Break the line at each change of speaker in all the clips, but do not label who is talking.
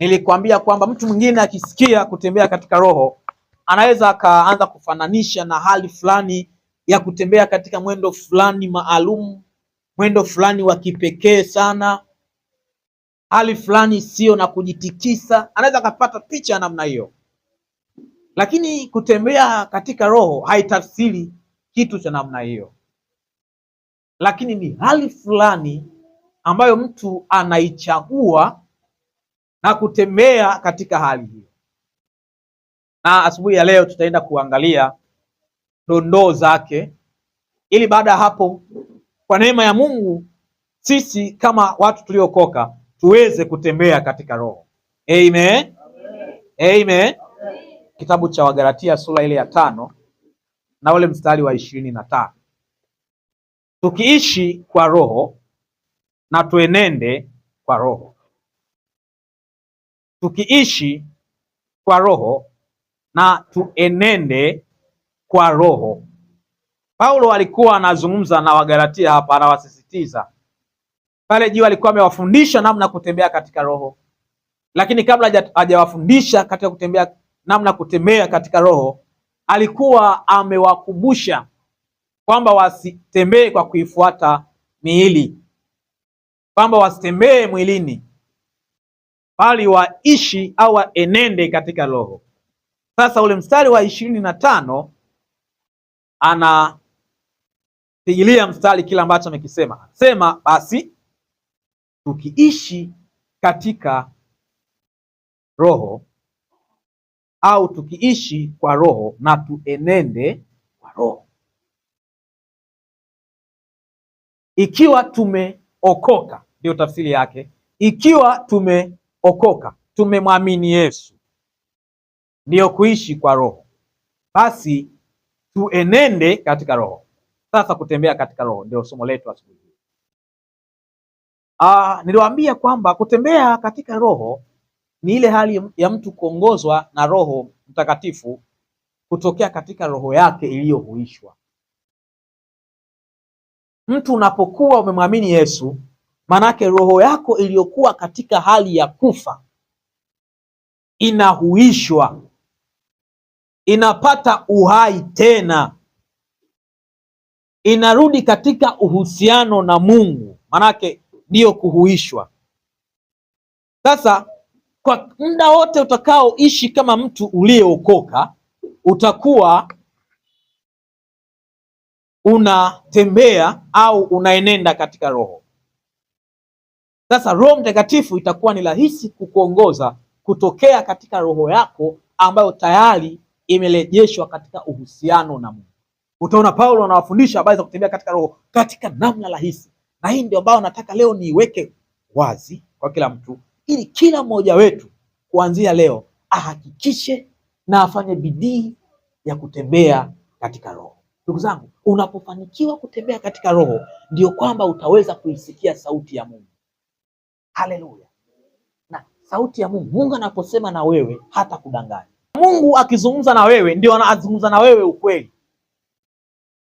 Nilikwambia kwamba mtu mwingine akisikia kutembea katika roho anaweza akaanza kufananisha na hali fulani ya kutembea katika mwendo fulani maalum, mwendo fulani wa kipekee sana, hali fulani sio na kujitikisa. Anaweza akapata picha ya namna hiyo, lakini kutembea katika roho haitafsiri kitu cha namna hiyo, lakini ni hali fulani ambayo mtu anaichagua na kutembea katika hali hiyo. Na asubuhi ya leo tutaenda kuangalia dondoo zake, ili baada ya hapo, kwa neema ya Mungu, sisi kama watu tuliokoka tuweze kutembea katika Roho. Amen. Amen. Amen. Kitabu cha Wagalatia sura ile ya tano na ule mstari wa ishirini na tano tukiishi kwa Roho na tuenende kwa Roho tukiishi kwa roho na tuenende kwa roho. Paulo alikuwa anazungumza na Wagalatia hapa, anawasisitiza pale juu. Alikuwa amewafundisha namna kutembea katika roho, lakini kabla hajawafundisha katika kutembea namna kutembea katika roho, alikuwa amewakumbusha kwamba wasitembee kwa kuifuata miili, kwamba wasitembee mwilini bali waishi au waenende katika roho. Sasa ule mstari wa ishirini na tano anapigilia mstari kile ambacho amekisema, sema basi tukiishi katika roho au tukiishi kwa roho na tuenende kwa roho. Ikiwa tumeokoka, ndio tafsiri yake, ikiwa tume tumeokoka, tumemwamini Yesu, ndiyo kuishi kwa Roho, basi tuenende katika Roho. Sasa kutembea katika Roho ndio somo letu asubuhi Ah, niliwaambia kwamba kutembea katika Roho ni ile hali ya mtu kuongozwa na Roho Mtakatifu kutokea katika roho yake iliyohuishwa. Mtu unapokuwa umemwamini Yesu Manake roho yako iliyokuwa katika hali ya kufa inahuishwa, inapata uhai tena, inarudi katika uhusiano na Mungu, manake ndiyo kuhuishwa. Sasa kwa muda wote utakaoishi kama mtu uliyeokoka utakuwa unatembea au unaenenda katika roho. Sasa Roho Mtakatifu itakuwa ni rahisi kukuongoza kutokea katika roho yako ambayo tayari imerejeshwa katika uhusiano na Mungu. Utaona Paulo anawafundisha habari za kutembea katika roho katika namna rahisi, na hii ndio ambayo nataka leo niiweke wazi kwa kila mtu, ili kila mmoja wetu kuanzia leo ahakikishe na afanye bidii ya kutembea katika roho. Ndugu zangu, unapofanikiwa kutembea katika roho, ndio kwamba utaweza kuisikia sauti ya Mungu. Haleluya! Na sauti ya Mungu, Mungu anaposema na wewe hata kudanganya. Mungu akizungumza na wewe ndio anazungumza na wewe ukweli.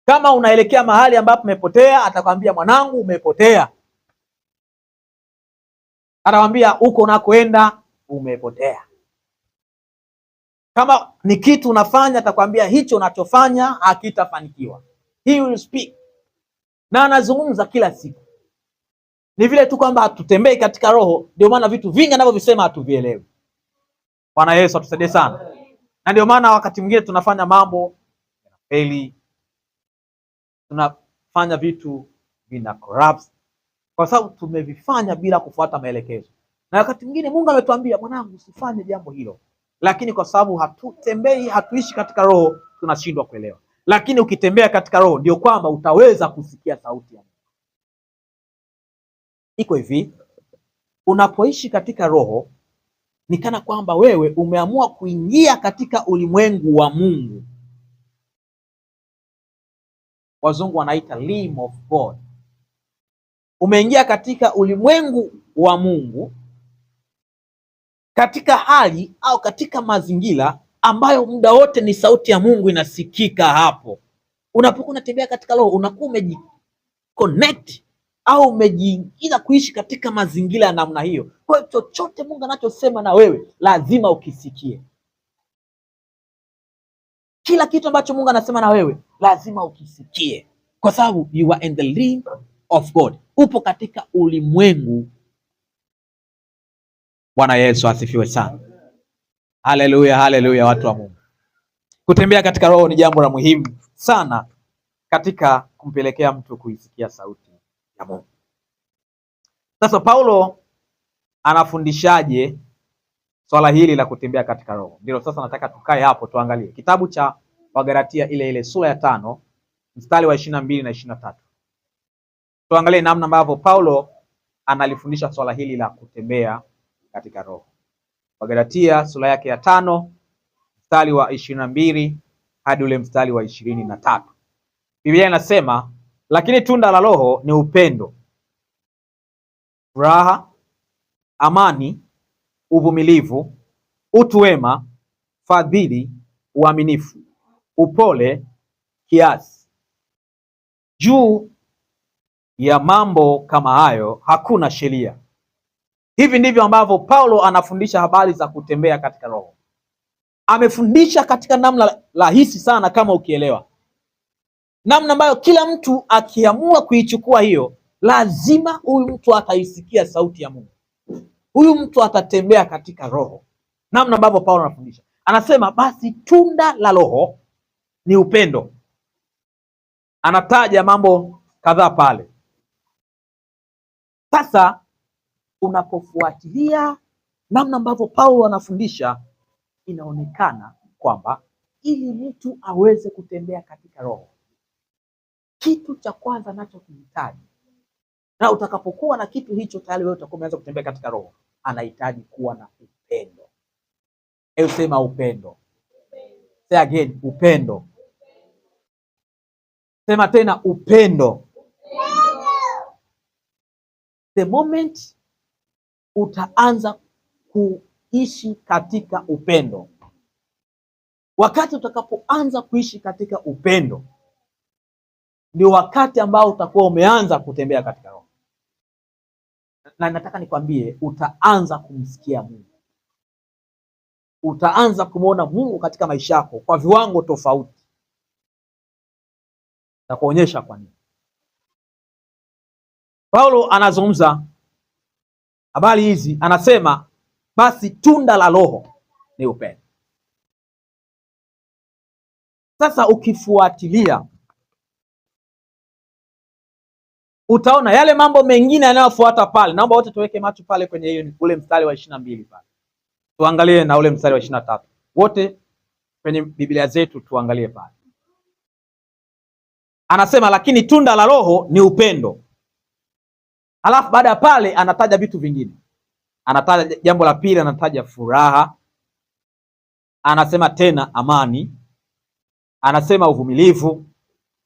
Kama unaelekea mahali ambapo umepotea, atakwambia mwanangu, umepotea. Atakwambia huko unakoenda umepotea. Kama ni kitu unafanya, atakwambia hicho unachofanya hakitafanikiwa. He will speak, na anazungumza kila siku. Ni vile tu kwamba hatutembei katika roho, ndio maana vitu vingi anavyovisema hatuvielewi. Bwana Yesu atusaidie sana, na ndio maana wakati mwingine tunafanya mambo yanafeli, tunafanya vitu vina corrupt kwa sababu tumevifanya bila kufuata maelekezo. Na wakati mwingine Mungu ametuambia, mwanangu, usifanye jambo hilo, lakini kwa sababu hatutembei, hatuishi katika roho, tunashindwa kuelewa. Lakini ukitembea katika roho, ndio kwamba utaweza kusikia sauti ya Mungu iko hivi, unapoishi katika roho ni kana kwamba wewe umeamua kuingia katika ulimwengu wa Mungu. Wazungu wanaita realm of God. Umeingia katika ulimwengu wa Mungu katika hali au katika mazingira ambayo muda wote ni sauti ya Mungu inasikika hapo. Unapokuwa unatembea katika roho unakuwa umejiconnect au umejiingiza kuishi katika mazingira ya namna hiyo. Kwa hiyo chochote Mungu anachosema na wewe lazima ukisikie. Kila kitu ambacho Mungu anasema na wewe lazima ukisikie, kwa sababu you are in the realm of God, upo katika ulimwengu. Bwana Yesu asifiwe sana. Haleluya, haleluya, watu wa Mungu. Kutembea katika roho ni jambo la muhimu sana katika kumpelekea mtu kuisikia sauti ya Mungu. Sasa Paulo anafundishaje swala hili la kutembea katika Roho? Ndilo sasa nataka tukae hapo tuangalie kitabu cha Wagalatia ile ile sura ya tano mstari wa ishirini na mbili na ishirini na tatu. Tuangalie namna ambavyo Paulo analifundisha swala hili la kutembea katika Roho. Wagalatia sura yake ya tano mstari wa ishirini na mbili hadi ule mstari wa ishirini na tatu. Biblia inasema lakini tunda la Roho ni upendo, furaha, amani, uvumilivu, utu wema, fadhili, uaminifu, upole, kiasi. Juu ya mambo kama hayo hakuna sheria. Hivi ndivyo ambavyo Paulo anafundisha habari za kutembea katika Roho. Amefundisha katika namna rahisi sana kama ukielewa namna ambayo kila mtu akiamua kuichukua hiyo, lazima huyu mtu ataisikia sauti ya Mungu, huyu mtu atatembea katika roho, namna ambavyo Paulo anafundisha. Anasema basi tunda la roho ni upendo. Anataja mambo kadhaa pale. Sasa unapofuatilia namna ambavyo Paulo anafundisha, inaonekana kwamba ili mtu aweze kutembea katika roho kitu cha kwanza anachokihitaji, na utakapokuwa na kitu hicho tayari wewe utakuwa umeanza kutembea katika roho. Anahitaji kuwa na upendo. Hebu sema upendo, say again, upendo. Sema tena upendo. The moment utaanza kuishi katika upendo, wakati utakapoanza kuishi katika upendo ndio wakati ambao utakuwa umeanza kutembea katika roho, na nataka nikwambie, utaanza kumsikia Mungu, utaanza kumwona Mungu katika maisha yako kwa viwango tofauti, na kuonyesha kwa nini Paulo anazungumza habari hizi, anasema basi tunda la Roho ni upendo. Sasa ukifuatilia utaona yale mambo mengine yanayofuata pale. Naomba wote tuweke macho pale kwenye hiyo ule mstari wa ishirini na mbili pale tuangalie na ule mstari wa ishirini na tatu wote kwenye Biblia zetu tuangalie pale, anasema lakini tunda la Roho ni upendo. Alafu baada ya pale anataja vitu vingine, anataja jambo la pili, anataja furaha, anasema tena amani, anasema uvumilivu,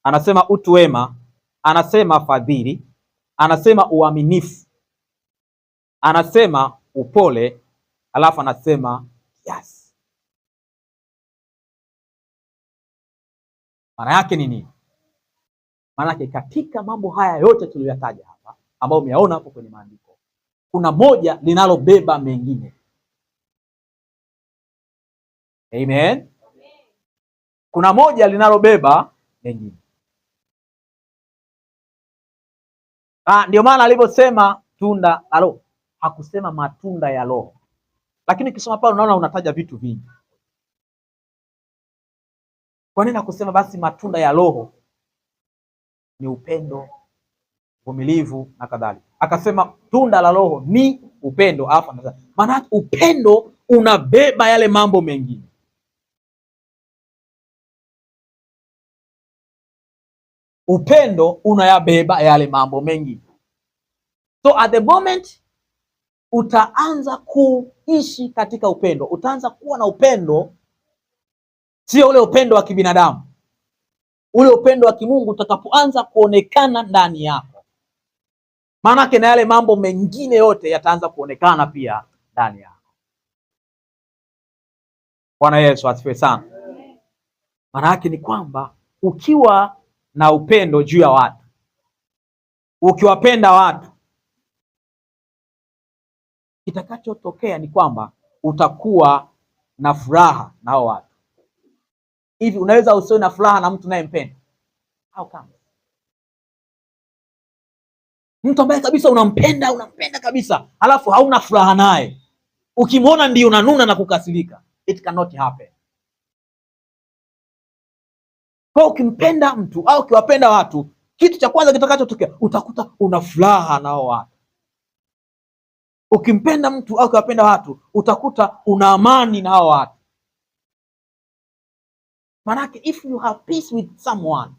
anasema utu wema anasema fadhili, anasema uaminifu, anasema upole, alafu anasema kiasi. Maana yake ni nini? Maana yake katika mambo haya yote tuliyoyataja hapa, ambayo umeyaona hapo kwenye maandiko, kuna moja linalobeba mengine. Amen. Kuna moja linalobeba mengine. Ah, ndio maana aliposema tunda la Roho hakusema matunda ya Roho, lakini ukisoma pale unaona unataja vitu vingi. Kwa nini hakusema basi matunda ya Roho ni upendo, uvumilivu na kadhalika? Akasema tunda la Roho ni upendo, alafu maana upendo unabeba yale mambo mengine upendo unayabeba yale mambo mengi. So at the moment utaanza kuishi katika upendo, utaanza kuwa na upendo, sio ule upendo wa kibinadamu, ule upendo wa kimungu utakapoanza kuonekana ndani yako, maanake na yale mambo mengine yote yataanza kuonekana pia ndani yako. Bwana Yesu asifiwe sana. Maana yake ni kwamba ukiwa na upendo juu ya watu. Ukiwapenda watu, kitakachotokea ni kwamba utakuwa na furaha na hao watu. Hivi unaweza usiwe na furaha na mtu unayempenda? Au kama mtu ambaye kabisa unampenda unampenda kabisa, alafu hauna furaha naye, ukimwona ndio unanuna na kukasirika. It cannot happen. Kwa ukimpenda mtu au ukiwapenda watu, kitu cha kwanza kitakachotokea utakuta una furaha nao watu. Ukimpenda mtu au ukiwapenda watu, utakuta una amani na hao watu. Manake if you have peace with someone,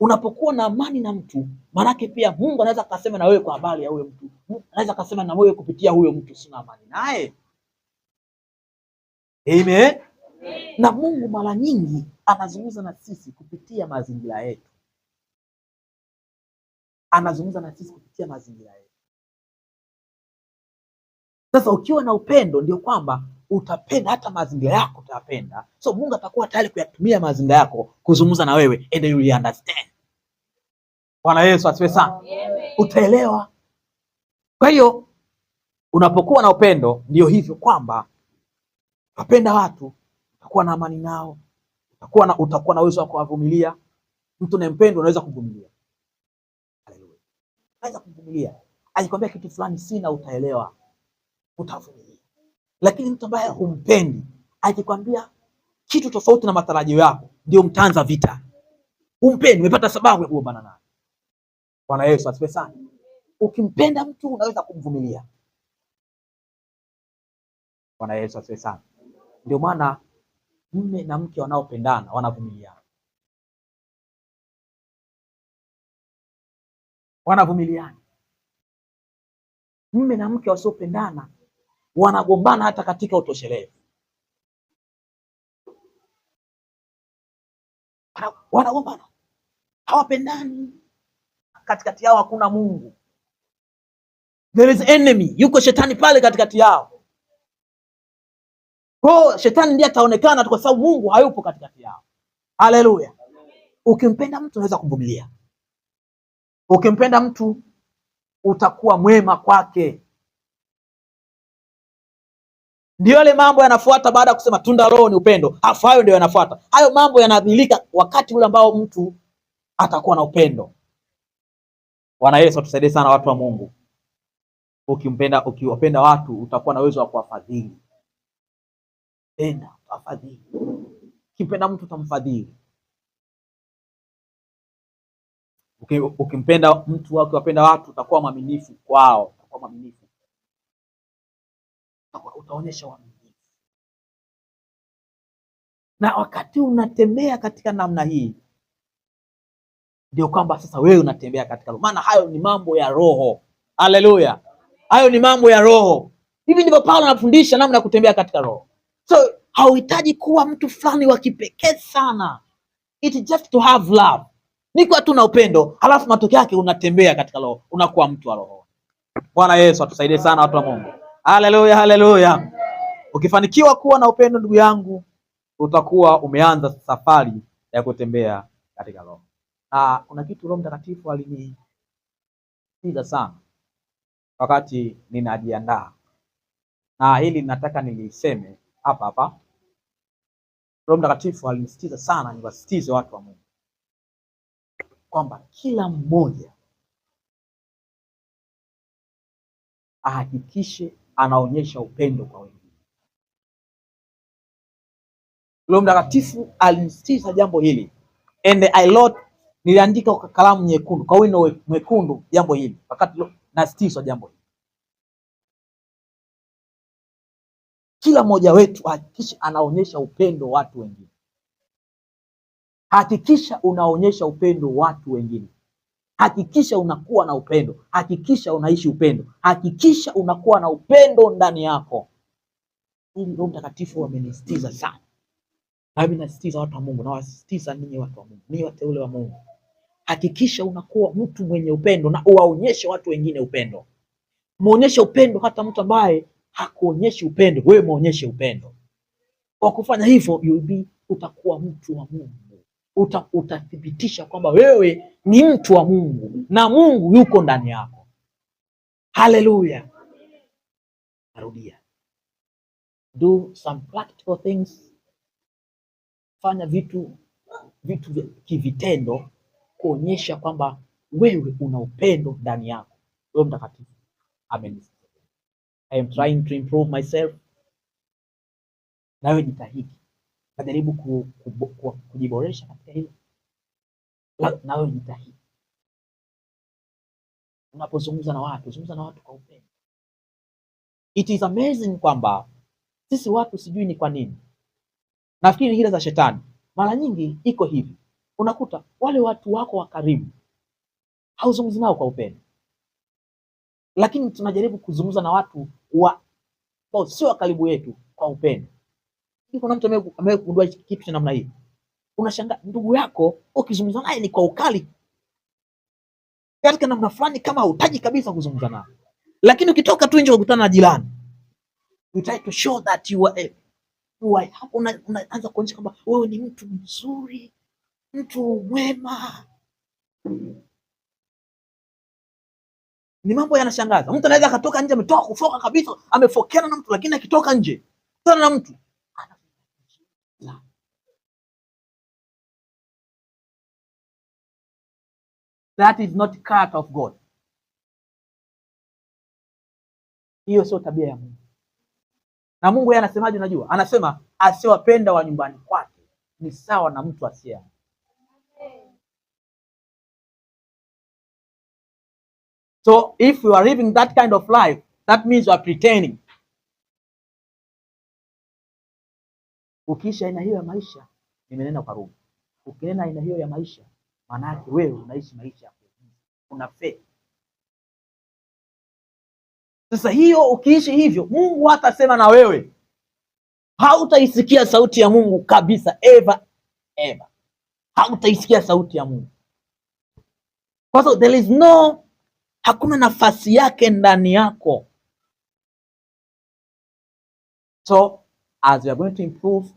unapokuwa na amani na mtu, manake pia Mungu anaweza akasema na wewe kwa habari ya huyo mtu, anaweza akasema na wewe kupitia huyo mtu, sina amani naye. Amen na Mungu mara nyingi anazungumza na sisi kupitia mazingira yetu, anazungumza na sisi kupitia mazingira yetu. Sasa ukiwa na upendo, ndio kwamba utapenda hata mazingira yako utayapenda. So Mungu atakuwa tayari kuyatumia mazingira yako kuzungumza na wewe, and you will understand. Bwana Yesu asiwe sana, utaelewa. Kwa hiyo unapokuwa na upendo, ndio hivyo kwamba tapenda watu utakuwa na amani nao, utakuwa na utakuwa na uwezo wa kuwavumilia. Mtu unayempenda unaweza kuvumilia, haleluya, unaweza kuvumilia. Akikwambia kitu fulani sina, utaelewa, utavumilia. Lakini mtu ambaye humpendi akikwambia kitu tofauti na matarajio yako, ndio mtaanza vita. Humpendi, umepata sababu ya kugombana naye. Bwana Yesu asifiwe sana. Ukimpenda mtu unaweza kumvumilia. Bwana Yesu asifiwe sana. Ndio maana mume na mke wanaopendana wanavumiliana, wanavumiliana. Mume na mke wasiopendana wanagombana hata katika utoshelevu, wanagombana, hawapendani, katikati yao hakuna Mungu, there is enemy, yuko shetani pale katikati yao kwa shetani ndiye ataonekana tu kwa sababu Mungu hayupo katikati yao. Haleluya. Ukimpenda mtu unaweza kumvumilia. Ukimpenda mtu utakuwa mwema kwake. Ndio yale mambo yanafuata baada ya kusema tunda roho ni upendo, afu hayo ndio yanafuata. Hayo mambo yanadhilika wakati ule ambao mtu atakuwa na upendo. Bwana Yesu atusaidie sana, watu wa Mungu. Ukimpenda, ukiwapenda watu utakuwa na uwezo wa kuwafadhili. Penda afadhili, ukimpenda mtu utamfadhili. Ukimpenda mtu wako, ukiwapenda watu utakuwa mwaminifu kwao, utakuwa mwaminifu, utaonyesha uaminifu. Na wakati unatembea katika namna hii, ndio kwamba sasa wewe unatembea katika roho, maana hayo ni mambo ya roho. Haleluya, hayo ni mambo ya roho. Hivi ndivyo Paulo anafundisha namna ya kutembea katika roho. So hauhitaji kuwa mtu fulani wa kipekee sana, it just to have love, ni kwa tu na upendo, halafu matokeo yake unatembea katika roho, unakuwa mtu wa roho. Bwana Yesu atusaidie sana, watu wa Mungu. Haleluya, haleluya. Ukifanikiwa kuwa na upendo, ndugu yangu, utakuwa umeanza safari ya kutembea katika roho. Na kuna kitu Roho Mtakatifu alinipiga sana wakati ninajiandaa, na hili nataka niliseme hapa hapa, Roho Mtakatifu alinisitiza sana niwasitize watu wa Mungu kwamba kila mmoja ahakikishe anaonyesha upendo kwa wengine. Roho Mtakatifu alinisitiza jambo hili and I lot niliandika kwa kalamu nyekundu, kwa wino mwekundu jambo hili, wakati nasitizwa jambo hili Kila mmoja wetu hakikisha anaonyesha upendo watu wengine, hakikisha unaonyesha upendo watu wengine, hakikisha unakuwa na upendo, hakikisha unaishi upendo, hakikisha unakuwa na upendo ndani yako. Ili Roho Mtakatifu amenisitiza sana, nami nasitiza watu wa Mungu, nawasisitiza ninyi watu wa Mungu, ninyi wateule wa Mungu, hakikisha unakuwa mtu mwenye upendo na uwaonyeshe watu wengine upendo, muonyeshe upendo hata mtu ambaye hakuonyeshi upendo, wewe muonyeshe upendo. Kwa kufanya hivyo, utakuwa mtu wa Mungu, uta, utathibitisha kwamba wewe ni mtu wa Mungu na Mungu yuko ndani yako. Haleluya! Narudia, do some practical things, fanya vitu vitu vya kivitendo kuonyesha kwamba wewe una upendo ndani yako. Wewe mtakatifu, amen. I am trying to improve myself. Nawe jitahidi, najaribu ku, ku, ku, kujiboresha katika hilo, nawe jitahidi. Unapozungumza na watu, zungumza na watu kwa upendo. It is amazing kwamba sisi watu sijui ni kwa nini, nafikiri hila za shetani mara nyingi iko hivi, unakuta wale watu wako wa karibu hauzungumzi nao kwa upendo, lakini tunajaribu kuzungumza na watu wa kwa sio wa karibu yetu kwa upendo. Kuna mtu amewahi kugundua kitu cha namna hii? Unashangaa ndugu yako ukizungumza naye ni kwa ukali katika namna fulani, kama hautaji kabisa kuzungumza naye, lakini ukitoka tu nje ukutana na jirani, you try to show that you are hapo unaanza kuonyesha kwamba wewe ni mtu mzuri, mtu mwema. Ni mambo yanashangaza. Mtu anaweza akatoka nje, ametoka kufoka kabisa, amefokeana na mtu, lakini akitoka nje sana na mtu That is not cut of God. Hiyo sio tabia ya Mungu. Na Mungu yeye anasemaje? Unajua, anasema asiwapenda wa nyumbani kwake ni sawa na mtu asiye So if you are living that kind of life, that means you are pretending. Ukiisha aina hiyo ya maisha, nimenena kwa Rumi, ukinena aina hiyo ya maisha, maanake wewe unaishi maisha ya una fake. Sasa hiyo ukiishi hivyo, Mungu hatasema na wewe, hautaisikia sauti ya Mungu kabisa, ever ever, hautaisikia sauti ya Mungu kwa sababu there is no hakuna nafasi yake ndani yako. So as we are going to improve,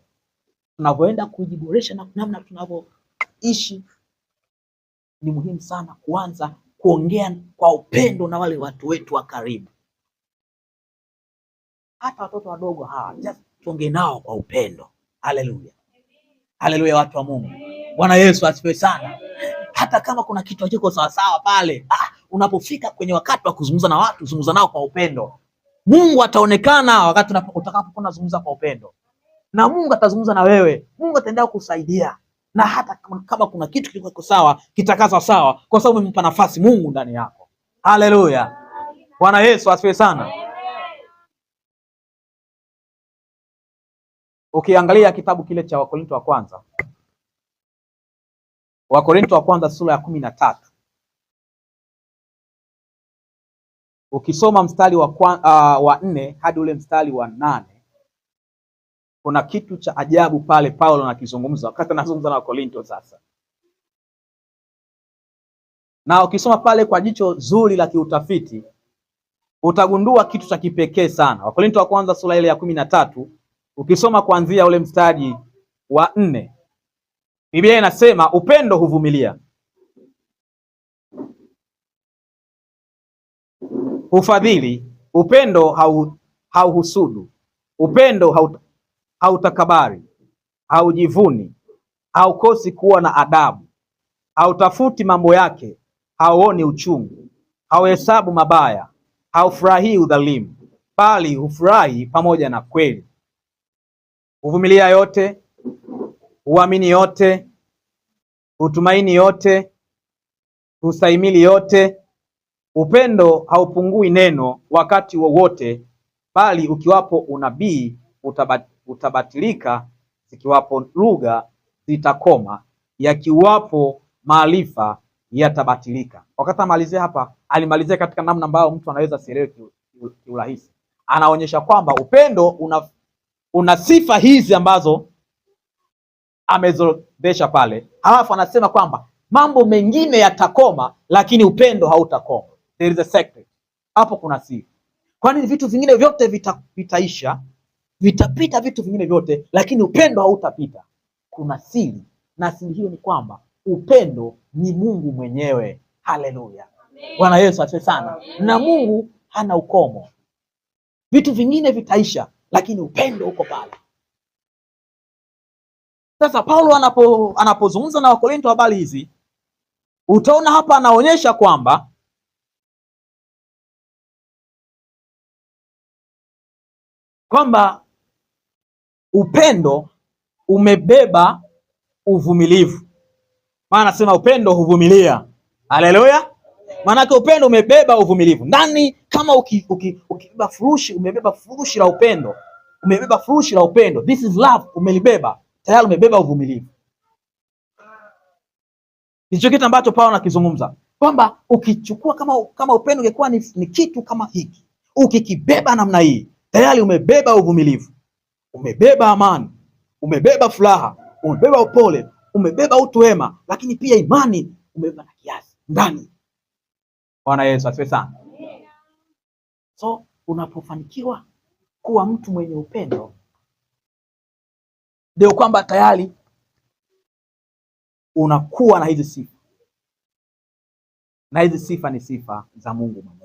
tunavyoenda kujiboresha na namna tunavyoishi, ni muhimu sana kuanza kuongea kwa upendo na wale watu wetu wa karibu, hata watoto wadogo hawa, just tuongee nao kwa upendo. Haleluya, haleluya, watu wa Mungu. Bwana Yesu asifiwe sana. Hata kama kuna kitu hakiko sawasawa pale ah, unapofika kwenye wakati wa kuzungumza na watu, zungumza nao kwa upendo. Mungu ataonekana wakati utakapokuwa unazungumza kwa upendo, na Mungu atazungumza na wewe. Mungu ataendelea kusaidia, na hata kama kuna kitu kiko sawa kitakaza sawa, kwa sababu umempa nafasi Mungu ndani yako. Haleluya! Bwana Yesu asifiwe sana. Ukiangalia okay, kitabu kile cha Wakorinto wa kwanza, Wakorinto wa kwanza sura ya kumi na tatu Ukisoma mstari wa, kwa, uh, wa nne hadi ule mstari wa nane kuna kitu cha ajabu pale Paulo anakizungumza wakati anazungumza na Wakorinto. Sasa na ukisoma pale kwa jicho zuri la kiutafiti utagundua kitu cha kipekee sana. Wakorinto wa kwanza sura ile ya kumi na tatu ukisoma kuanzia ule mstari wa nne Biblia inasema upendo huvumilia hufadhili, upendo hauhusudu, hau upendo hau, hautakabari, haujivuni, haukosi kuwa na adabu, hautafuti mambo yake, hauoni uchungu, hauhesabu mabaya, haufurahii udhalimu, bali hufurahi pamoja na kweli. Huvumilia yote, huamini yote, hutumaini yote, hustahimili yote Upendo haupungui neno wakati wowote, bali ukiwapo unabii utabat, utabatilika; zikiwapo lugha zitakoma; yakiwapo maarifa yatabatilika. Wakati amalizia hapa, alimalizia katika namna ambayo mtu anaweza asielewe kiurahisi. Anaonyesha kwamba upendo una, una sifa hizi ambazo amezodesha pale, halafu anasema kwamba mambo mengine yatakoma, lakini upendo hautakoma there is a secret. Hapo kuna siri, kwani vitu vingine vyote vitaisha, vitapita vitu vingine vyote, lakini upendo hautapita. Kuna siri, na siri hiyo ni kwamba upendo ni Mungu mwenyewe. Haleluya, Bwana Yesu asifiwe sana. Na Mungu hana ukomo, vitu vingine vitaisha, lakini upendo uko pale. Sasa Paulo anapo anapozungumza na wakorinto habari hizi, utaona hapa anaonyesha kwamba kwamba upendo umebeba uvumilivu. Maana nasema upendo huvumilia. Haleluya! Maanake upendo umebeba uvumilivu ndani. Kama ukibeba furushi, umebeba furushi la upendo, umebeba furushi la upendo, this is love, umelibeba tayari, umebeba uvumilivu. Ndicho kitu ambacho Paulo anakizungumza kwamba ukichukua kama, kama upendo ungekuwa ni, ni kitu kama hiki, ukikibeba namna hii tayari umebeba uvumilivu, umebeba amani, umebeba furaha, umebeba upole, umebeba utu wema, lakini pia imani umebeba na kiasi ndani. Bwana Yesu asifiwe sana. So unapofanikiwa kuwa mtu mwenye upendo, ndio kwamba tayari unakuwa na hizi sifa, na hizi sifa ni sifa za Mungu mwenyewe.